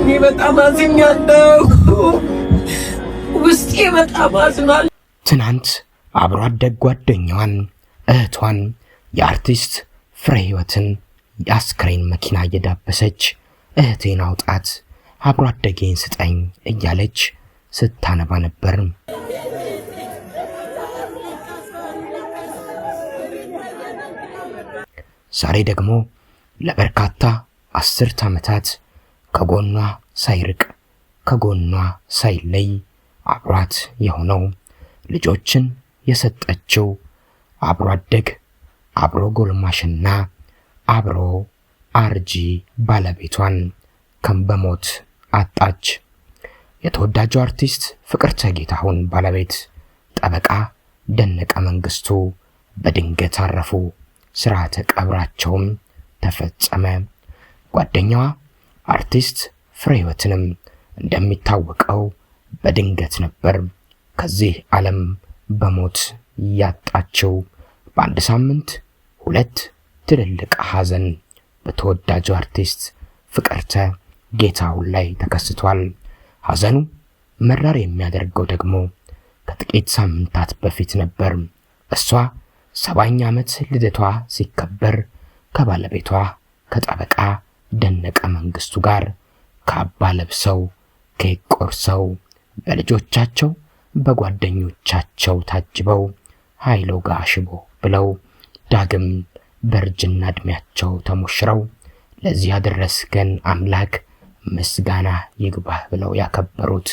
እኔ በጣም አዝኛለሁ። ውስጤ በጣም አዝኗል። ትናንት አብሮ አደግ ጓደኛዋን እህቷን የአርቲስት ፍሬ ህይወትን የአስክሬን መኪና እየዳበሰች እህቴን አውጣት አብሮ አደጌን ስጠኝ እያለች ስታነባ ነበር። ዛሬ ደግሞ ለበርካታ አስርት ዓመታት ከጎኗ ሳይርቅ ከጎኗ ሳይለይ አብሯት የሆነው ልጆችን የሰጠችው አብሮ አደግ አብሮ ጎልማሽና አብሮ አርጂ ባለቤቷን በሞት አጣች። የተወዳጁ አርቲስት ፍቅርተ ጌታሁን ባለቤት ጠበቃ ደነቀ መንግስቱ በድንገት አረፉ። ስርዓተ ቀብራቸውም ተፈጸመ። ጓደኛዋ አርቲስት ፍሬ እንደሚታወቀው በድንገት ነበር ከዚህ ዓለም በሞት ያጣቸው። በአንድ ሳምንት ሁለት ትልልቅ ሐዘን በተወዳጁ አርቲስት ፍቅርተ ጌታሁን ላይ ተከስቷል። ሐዘኑ መራር የሚያደርገው ደግሞ ከጥቂት ሳምንታት በፊት ነበር እሷ ሰባኝ ዓመት ልደቷ ሲከበር ከባለቤቷ ከጠበቃ ደነቀ መንግስቱ ጋር ካባ ለብሰው ኬክ ቆርሰው በልጆቻቸው በጓደኞቻቸው ታጅበው ኃይሎ ጋ ሽቦ ብለው ዳግም በእርጅና ዕድሜያቸው ተሞሽረው ለዚህ ያደረስከን አምላክ ምስጋና ይግባህ ብለው ያከበሩት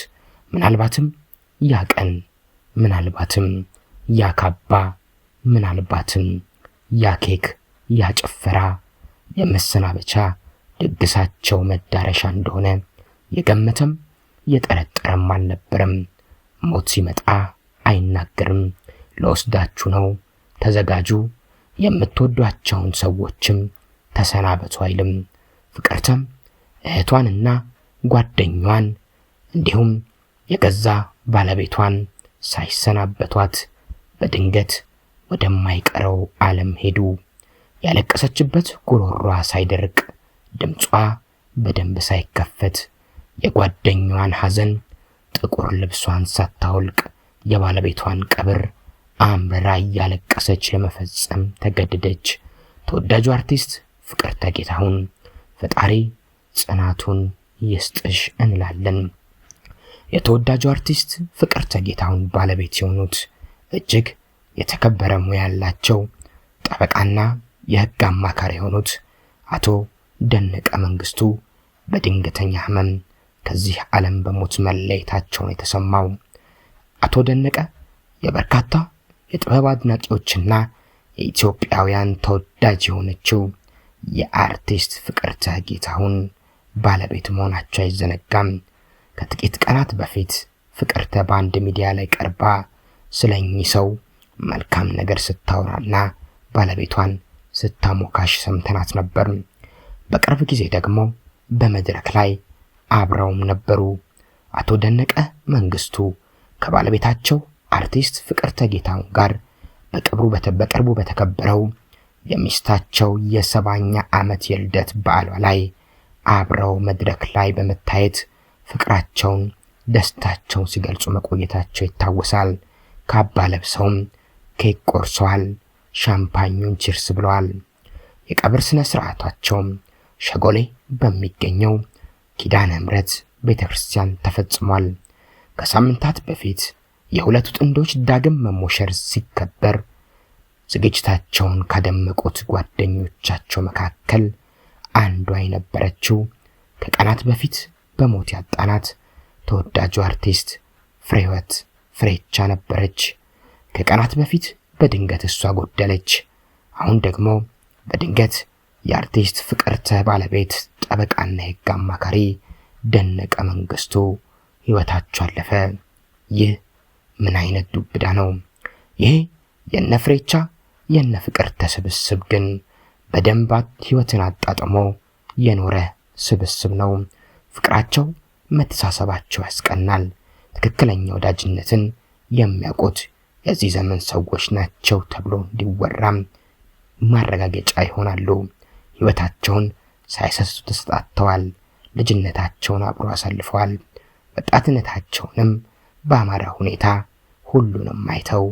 ምናልባትም ያ ቀን ምናልባትም ያካባ። ምናልባትም ያ ኬክ፣ ያ ጭፈራ የመሰናበቻ ድግሳቸው መዳረሻ እንደሆነ የገመተም የጠረጠረም አልነበረም። ሞት ሲመጣ አይናገርም። ለወስዳችሁ ነው ተዘጋጁ፣ የምትወዷቸውን ሰዎችም ተሰናበቱ አይልም። ፍቅርተም እህቷንና ጓደኛዋን እንዲሁም የገዛ ባለቤቷን ሳይሰናበቷት በድንገት ወደማይቀረው ዓለም ሄዱ። ያለቀሰችበት ጉሮሯ ሳይደርቅ ድምጿ በደንብ ሳይከፈት የጓደኛዋን ሐዘን ጥቁር ልብሷን ሳታወልቅ የባለቤቷን ቀብር አምርራ እያለቀሰች ለመፈጸም ተገደደች። ተወዳጁ አርቲስት ፍቅርተ ጌታሁን ፈጣሪ ጽናቱን ይስጥሽ እንላለን። የተወዳጁ አርቲስት ፍቅርተ ጌታሁን ባለቤት የሆኑት እጅግ የተከበረ ሙያ ያላቸው ጠበቃና የሕግ አማካሪ የሆኑት አቶ ደነቀ መንግስቱ በድንገተኛ ህመም ከዚህ ዓለም በሞት መለየታቸውን የተሰማው አቶ ደነቀ የበርካታ የጥበብ አድናቂዎችና የኢትዮጵያውያን ተወዳጅ የሆነችው የአርቲስት ፍቅርተ ጌታሁን ባለቤት መሆናቸው አይዘነጋም። ከጥቂት ቀናት በፊት ፍቅርተ በአንድ ሚዲያ ላይ ቀርባ እኚህ ሰው መልካም ነገር ስታወራና ባለቤቷን ስታሞካሽ ሰምተናት ነበር። በቅርብ ጊዜ ደግሞ በመድረክ ላይ አብረውም ነበሩ። አቶ ደነቀ መንግስቱ ከባለቤታቸው አርቲስት ፍቅርተ ጌታሁን ጋር በቅርቡ በተከበረው የሚስታቸው የሰባኛ ዓመት የልደት በዓሏ ላይ አብረው መድረክ ላይ በመታየት ፍቅራቸውን፣ ደስታቸውን ሲገልጹ መቆየታቸው ይታወሳል። ካባ ለብሰውም ኬክ ቆርሰዋል፣ ሻምፓኙን ችርስ ብለዋል። የቀብር ስነ ስርዓታቸውም ሸጎሌ በሚገኘው ኪዳነ ምሕረት ቤተ ክርስቲያን ተፈጽሟል። ከሳምንታት በፊት የሁለቱ ጥንዶች ዳግም መሞሸር ሲከበር ዝግጅታቸውን ካደመቁት ጓደኞቻቸው መካከል አንዷ የነበረችው ከቀናት በፊት በሞት ያጣናት ተወዳጁ አርቲስት ፍሬህይወት ፍሬቻ ነበረች። ከቀናት በፊት በድንገት እሷ ጎደለች። አሁን ደግሞ በድንገት የአርቲስት ፍቅርተ ባለቤት ጠበቃና የሕግ አማካሪ ደነቀ መንግስቱ ሕይወታቸው አለፈ። ይህ ምን አይነት ዱብዳ ነው? ይህ የነፍሬቻ የነ ፍቅርተ ስብስብ ግን በደንባት ሕይወትን አጣጥሞ የኖረ ስብስብ ነው። ፍቅራቸው፣ መተሳሰባቸው ያስቀናል። ትክክለኛ ወዳጅነትን የሚያውቁት የዚህ ዘመን ሰዎች ናቸው ተብሎ እንዲወራም ማረጋገጫ ይሆናሉ። ሕይወታቸውን ሳይሰስቱ ተሰጣጥተዋል። ልጅነታቸውን አብሮ አሳልፈዋል። ወጣትነታቸውንም በአማረ ሁኔታ ሁሉንም አይተው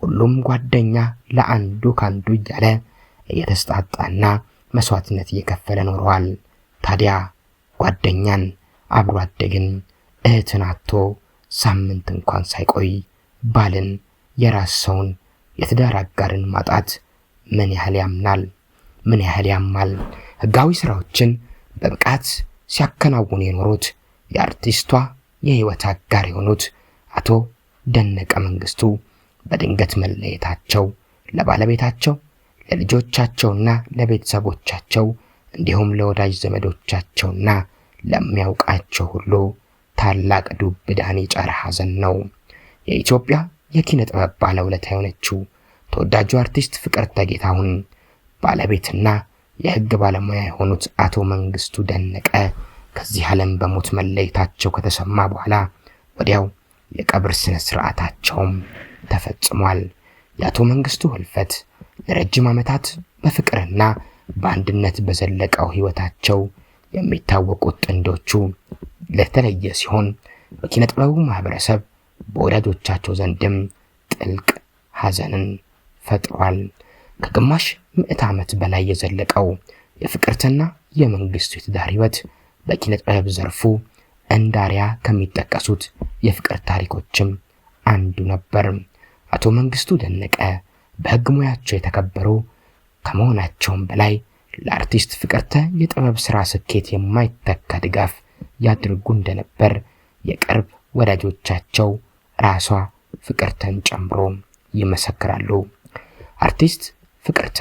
ሁሉም ጓደኛ ለአንዱ ካንዱ እያለ እየተስጣጣና መስዋዕትነት እየከፈለ ኖረዋል። ታዲያ ጓደኛን አብሮ አደግን እህትን አቶ ሳምንት እንኳን ሳይቆይ ባልን የራስ ሰውን የትዳር አጋርን ማጣት ምን ያህል ያምናል? ምን ያህል ያማል? ህጋዊ ስራዎችን በብቃት ሲያከናውኑ የኖሩት የአርቲስቷ የህይወት አጋር የሆኑት አቶ ደነቀ መንግስቱ በድንገት መለየታቸው ለባለቤታቸው ለልጆቻቸውና ለቤተሰቦቻቸው እንዲሁም ለወዳጅ ዘመዶቻቸውና ለሚያውቃቸው ሁሉ ታላቅ ዱብ ዕዳን የጫረ ሐዘን ነው። የኢትዮጵያ የኪነ ጥበብ ባለውለታ የሆነችው ተወዳጁ አርቲስት ፍቅርተ ጌታሁን ባለቤትና የህግ ባለሙያ የሆኑት አቶ መንግስቱ ደነቀ ከዚህ ዓለም በሞት መለየታቸው ከተሰማ በኋላ ወዲያው የቀብር ስነ ስርዓታቸውም ተፈጽሟል። የአቶ መንግስቱ ህልፈት ለረጅም ዓመታት በፍቅርና በአንድነት በዘለቀው ህይወታቸው የሚታወቁት ጥንዶቹ ለተለየ ሲሆን በኪነ ጥበቡ ማህበረሰብ በወዳጆቻቸው ዘንድም ጥልቅ ሐዘንን ፈጥሯል። ከግማሽ ምዕት ዓመት በላይ የዘለቀው የፍቅርትና የመንግሥቱ የትዳር ሕይወት በኪነ ጥበብ ዘርፉ እንዳሪያ ከሚጠቀሱት የፍቅር ታሪኮችም አንዱ ነበር። አቶ መንግሥቱ ደነቀ በሕግ ሙያቸው የተከበሩ ከመሆናቸውም በላይ ለአርቲስት ፍቅርተ የጥበብ ሥራ ስኬት የማይተካ ድጋፍ ያድርጉ እንደነበር የቅርብ ወዳጆቻቸው ራሷ ፍቅርተን ጨምሮ ይመሰክራሉ። አርቲስት ፍቅርተ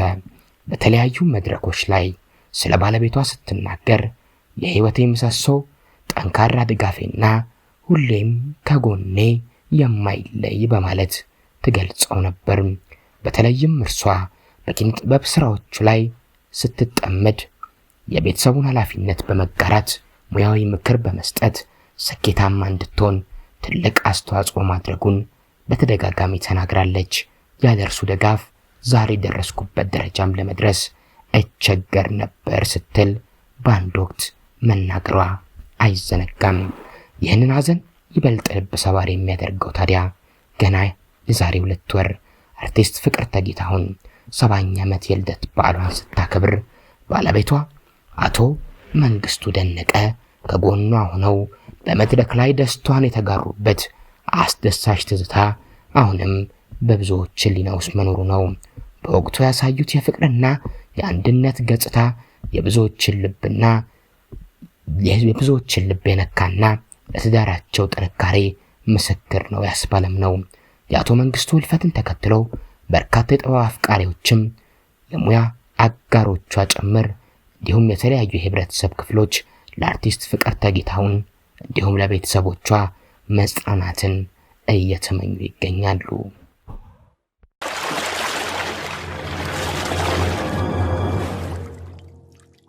በተለያዩ መድረኮች ላይ ስለ ባለቤቷ ስትናገር የሕይወቴ ምሰሶ፣ ጠንካራ ድጋፌና ሁሌም ከጎኔ የማይለይ በማለት ትገልጸው ነበር። በተለይም እርሷ በኪነጥበብ ስራዎቹ ላይ ስትጠመድ የቤተሰቡን ኃላፊነት በመጋራት ሙያዊ ምክር በመስጠት ስኬታማ እንድትሆን ትልቅ አስተዋጽኦ ማድረጉን በተደጋጋሚ ተናግራለች። ያለእርሱ ድጋፍ ዛሬ ደረስኩበት ደረጃም ለመድረስ እቸገር ነበር ስትል በአንድ ወቅት መናገሯ አይዘነጋም። ይህንን ሀዘን ይበልጥ ልብ ሰባሪ የሚያደርገው ታዲያ ገና የዛሬ ሁለት ወር አርቲስት ፍቅርተ ጌታሁን ሰባኛ ዓመት የልደት በዓሏን ስታከብር ባለቤቷ አቶ መንግስቱ ደነቀ ከጎኗ ሆነው በመድረክ ላይ ደስቷን የተጋሩበት አስደሳች ትዝታ አሁንም በብዙዎች ሕሊና ውስጥ መኖሩ ነው። በወቅቱ ያሳዩት የፍቅርና የአንድነት ገጽታ የብዙዎችን ልብና የብዙዎችን ልብ የነካና ለትዳራቸው ጥንካሬ ምስክር ነው ያስባለም ነው። የአቶ መንግስቱ ህልፈትን ተከትሎ በርካታ የጥበብ አፍቃሪዎችም የሙያ አጋሮቿ ጭምር እንዲሁም የተለያዩ የህብረተሰብ ክፍሎች ለአርቲስት ፍቅርተ ጌታሁን እንዲሁም ለቤተሰቦቿ መጽናናትን እየተመኙ ይገኛሉ።